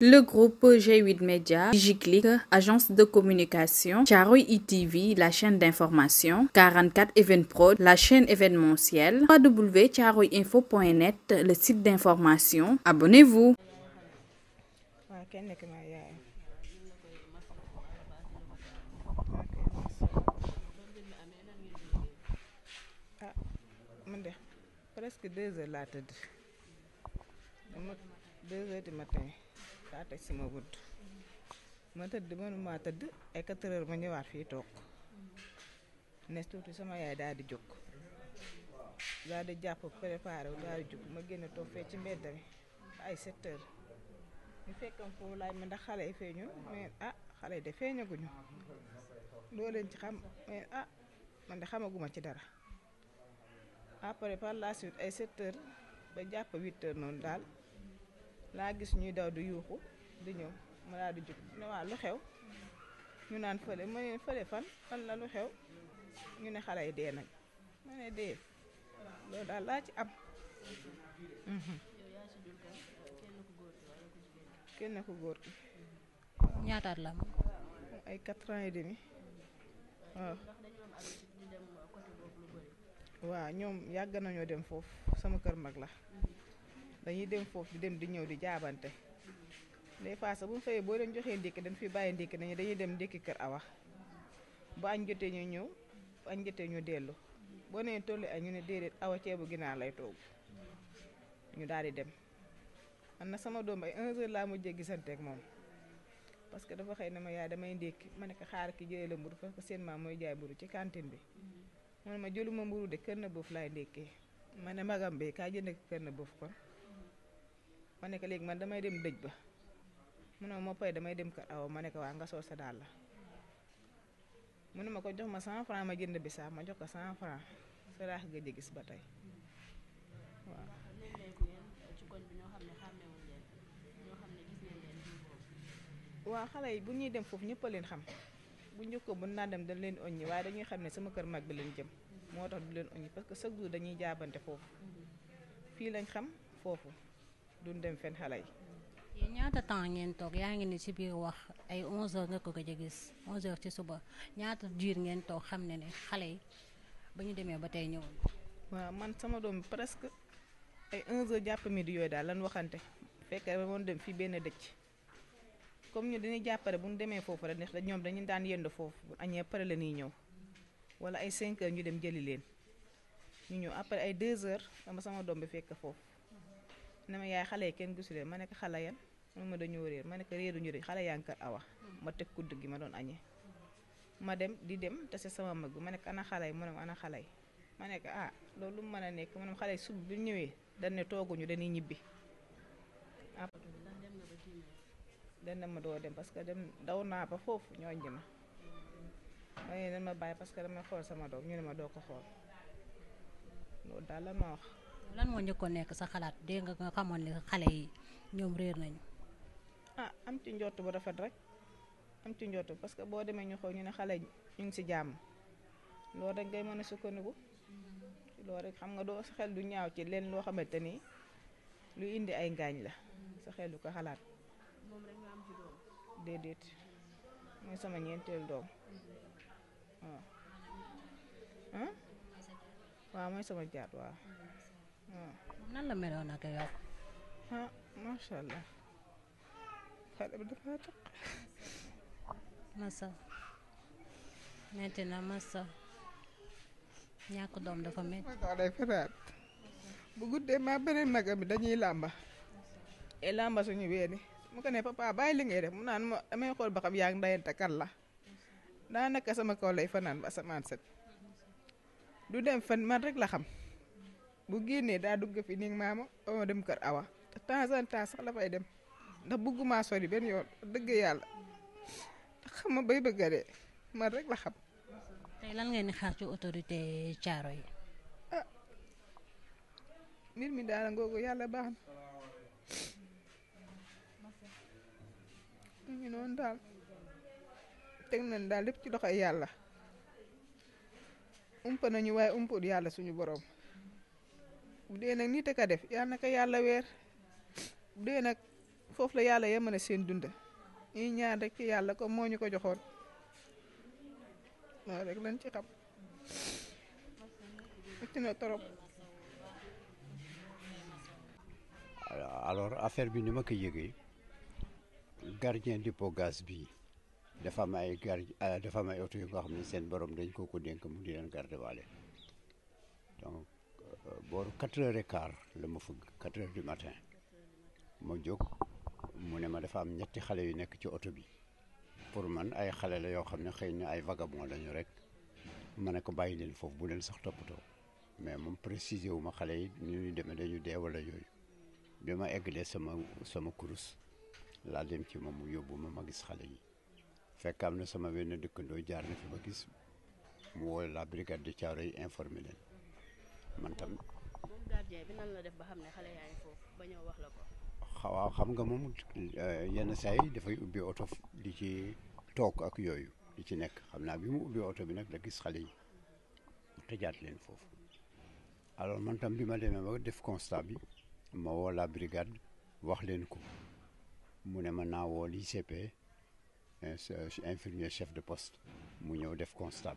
Le groupe G8 Media, DigiClick, agence de communication, Charoui ITV, la chaîne d'information, 44 Event la chaîne événementielle, www.charouiinfo.net, le site d'information. Abonnez-vous. Ah, presque deux du matin. kaa teg si ma bunt ma tëdd mënumaa tëdd ay ma ñëwaat fii toog ne tuuti sama yaay daal di jóg daal di jàpp préparé wu daal di jóg ma génn toog fee ci mbedd mi ay sept heures ñu fekkam foofu laaj ma ndax xale yi feeñu mais ah xale yi de feeñaguñu loo leen ci xam mais ah man de xamaguma ci dara après par la ay sept ba jàpp huit noonu daal laa gis ñuy daw di yuuxu di ñëw ma daal di jóg ne waa lu xew ñu naan fële ma ne fële fan fan la lu xew ñu ne xale yi dee nañ ma ne dee loolu daal laa ci am. Mhm. kenn ku góor ki. ñaataat la am. ay quatre ans et demi waaw. waaw ñoom yàgg nañoo dem foofu sama kër mag la. dañuy dem foofu di dem di ñëw di jaabante des fois sax bu ñu xëyee boo leen joxee ndékki dañ fi bàyyi ndékki nañu dañuy dem ndékki kër wax bu añ jotee ñu ñëw bu añ jotee ñu dellu boo nee tolli ay ñu ne déedéet awa ceebu ginaar lay togg ñu daal di dem man na sama doom ay 1 heure laa mujjee gisante ak moom parce que dafa xëy na ma yaay damay ndékki ma nekk ko xaar ki jëlee la mburu parce seen maam mooy jaay mburu ci cantine bi mu ne ma jëluma mburu de kër na boof laay ndékkee ma ne magam bi kaa jënd kër na boof kon ma nekk léegi man damay dem dëj ba mu ne ma pare damay dem kër awa ma ne ko waa nga sol sa la mu ko jox ma 100 francs ma jënd bisaab ma jox ko 100 francs sa raax gëj a gis ba tey waaw. waaw xale yi bu ñuy dem foofu ñëpp a leen xam bu njëkk bu naa dem dañ leen oññi waaye dañuy xam ne sama kër mag bi leen jëm moo tax du leen oññi parce que chaque jour dañuy jaabante foofu fii lañ xam foofu. duñ dem fenn xale yi. yéen ñaata temps ngeen toog yaa ngi ne si biir wax ay 11h nga ko ko a gis 11h ci suba ñaata jiir ngeen toog xam ne ne xale yi ba ñu demee ba tey ñëw waaw man sama doom presque ay 11h jàpp midi yooyu daal lan waxante fekk moon dem fii benn dëcc comme ñu dañuy jàppare bu ñu demee foofu rek ndax ñoom dañu daan yënd foofu bu añee pare la ñuy ñëw wala ay 5 ñu dem jëli leen ñu ñëw sama doom bi fekk foofu. nama ma yaay xalé yi kenn gisu mana ma nekk xale yan ma dañoo réer ma nekk réeruñu de kër awa ma tek kudd gi ma doon añee ma dem di dem tase sama mag mané ko ana xalé mo ne ana xalé mané ko ah loolu mën a nekk mo ne xalé sub bi ñëwee dañ togu ñu dañuy ñibbi dañ ne ma do dem parce que dem daw na ba fofu ñooñ ji ma ma ne ma bàyyi parce que xol sama doom ñu ne ma do ko xol loolu dalama wax lan moo njëkkoon nekk sa xalaat dégg nga nga xamoon ne xale yi ñoom réer nañu. ah am ci njort bu rafet rek am ci njort parce que boo demee ñu ñu ne xale ñu ngi si jàmm loolu rek ngay mën a sukkandiku loolu rek xam nga doo sa xel du ñaaw ci leen loo xamante ni lu indi ay ngaañ la sa xel du ko xalaat. moom rek nga déedéet mooy sama ñeenteel doom waaw. waaw mooy sama jaat waaw. Mm-hmm. Mana la meloon ak yow ah macha allah xale bi dafa taq masa metti na masa ñàkk doom dafa metti maa day feraat bu guddee maa beneen nag bi dañuy eh, làmba e làmba suñu mu ko ne papa bàyyi li ngay def mu naan ma damay xool ba xam la sama kaw lay fanaan ba asamaan set du dem man rek la xam bu génnee daa dugg fi néeg maama dama dem kër awa de temps en temps sax dafay dem ndax bugguma sori benn yoon dëgg yàlla xam ma bay bëgg a dee man rek la xam. tey lan ngeen di xaar ci autorité caaro yi. ah mbir mi daal ngoogu yàlla baax na. ngi noonu daal teg nañ daal lépp ci loxoy yàlla ump nañu waaye umpul yàlla suñu borom. bu dee nag nit a def yal na ko yàlla weer bu dee nag foofu la yàlla yemale seen dunda ñuy ñaan rek ci yàlla comme moo ñu ko joxoon waaw rek lañ ci xam métti na torop alors affaire bi ni ma ko yëgee gardien dépôt gaz bi dafa am ay gardien dafa am oto yu nga xam ne seen borom dañ koo ko mu di leen garder booru quatre heures et la ma fëgg quatre heures du matin ma jóg mu ne ma dafa am ñetti xale yu nekk ci oto bi pour man ay xale la yoo xam ne xëy na ay vagabond lañu rek ma ne ko bàyyi leen foofu bu leen sax toppatoo mais moom précisé wu ma xale yi ni ñuy demee dañu dee wala yooyu bi ma eggalee sama sama kurus laa dem ci moom mu yóbbu ma ma gis xale yi fekk am na sama benn dëkkandoo jaar na fi ma gis mu woo la brigade de Thiaroye informé leen. man tam moom gardien bi nan la def ba xam ne xale yaa ngi foofu ba ñëw wax la ko. waaw xam nga moom eh, yenn saa dafay ubbi oto di ci took ak yooyu di ci nekk xam naa bi mu ubbi oto bi nag la gis xale yi tëjaat leen foofu alors man tam bi ma demee ba def constat bi ma woo la brigade wax leen ko mu ne ma naa woo l'ICP eh, infirmier chef de post mu ñëw def constat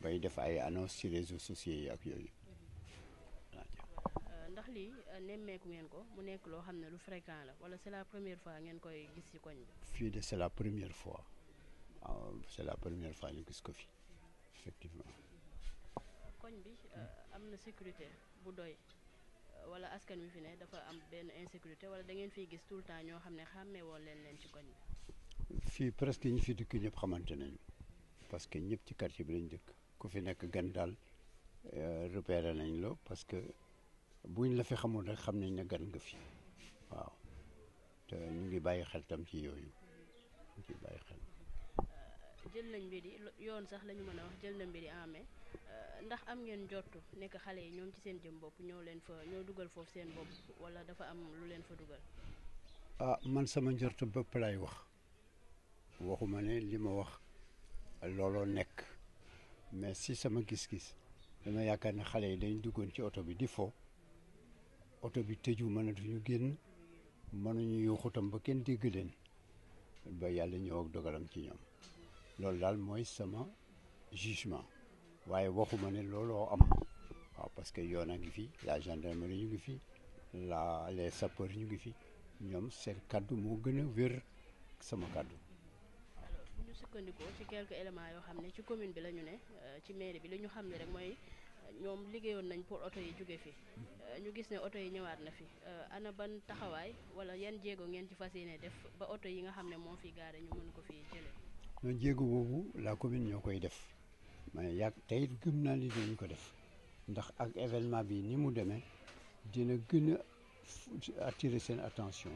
bay def ay annonce ci réseaux sociaux yi ak yooyu. Euh, ndax lii euh, nemmeeku ngeen ko mu nekk loo xam ne lu fréquent la wala c'est la première fois ngeen koy gis ci koñ bi. fii de c'est la première fois ah, c'est la première fois ñu gis ko fi effectivement. koñ bi euh, am na sécurité bu doy wala askan wi fi ne dafa am benn insécurité wala da ngeen fiy gis tout le temps ñoo xam ne xàmmee woon leen leen ci koñ bi. fii presque ñu fi dëkk ñëpp xamante nañu parce que ñëpp ci quartier bi lañ dëkk. ku fi nekk gan daal euh, repéré nañ loo parce que buñ la fi xamul rek xam nañ ne gan nga fi waaw te ñu ngi bàyyi xel tam ci yooyu ñu ngi bàyyi xel. Euh, jël nañ mbir yi yoon sax lañu ñu mën a wax jël na mbir yi euh, ndax am ngeen njortu nekk xale yi ñoom ci seen jëm bopp ñoo leen fa ñoo dugal foofu seen bopp wala dafa am lu leen fa dugal. ah man sama njortu bopp laay wax waxuma ne li ma wax looloo nekk. mais si sama gis-gis dama yaakaar ne xale yi dañ duggoon ci oto bi di fo oto bi tëju ñu génn mën yuuxu tam ba kenn dégg leen ba yàlla ñëw ak dogalam ci ñoom loolu daal mooy sama jugement waaye waxuma ne looloo am waaw parce que yoon a ngi fi la gendarmerie ñu ngi fi la les sapeurs ñu ngi fi ñoom seen kàddu moo gën a wér sama kàddu sukkandiku ci quelques éléments yoo xam ne ci commune bi la ñu ne euh, ci mairie bi li ñu xam ne rek mooy euh, ñoom liggéeyoon nañ pour oto yi jóge fi euh, ñu gis ne oto yi ñëwaat na fi ana ban taxawaay wala yan jéego ngeen ci fas yéene def ba oto yi nga xam ne moom fi gaare ñu mën ko fi jële ñoon jéego boobu laa commune ñoo koy def mais yàgg teyit gëm naa li dinañ ko def ndax ak événement bi ni mu demee dina gën a attirer seen attention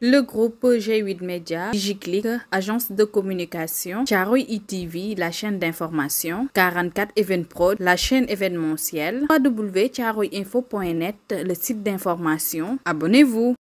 Le groupe G8 Media, DigiClick, agence de communication, Charouy ITV, la chaîne d'information, 44 Event Pro, la chaîne événementielle, www.charoinfo.net, le site d'information. Abonnez-vous!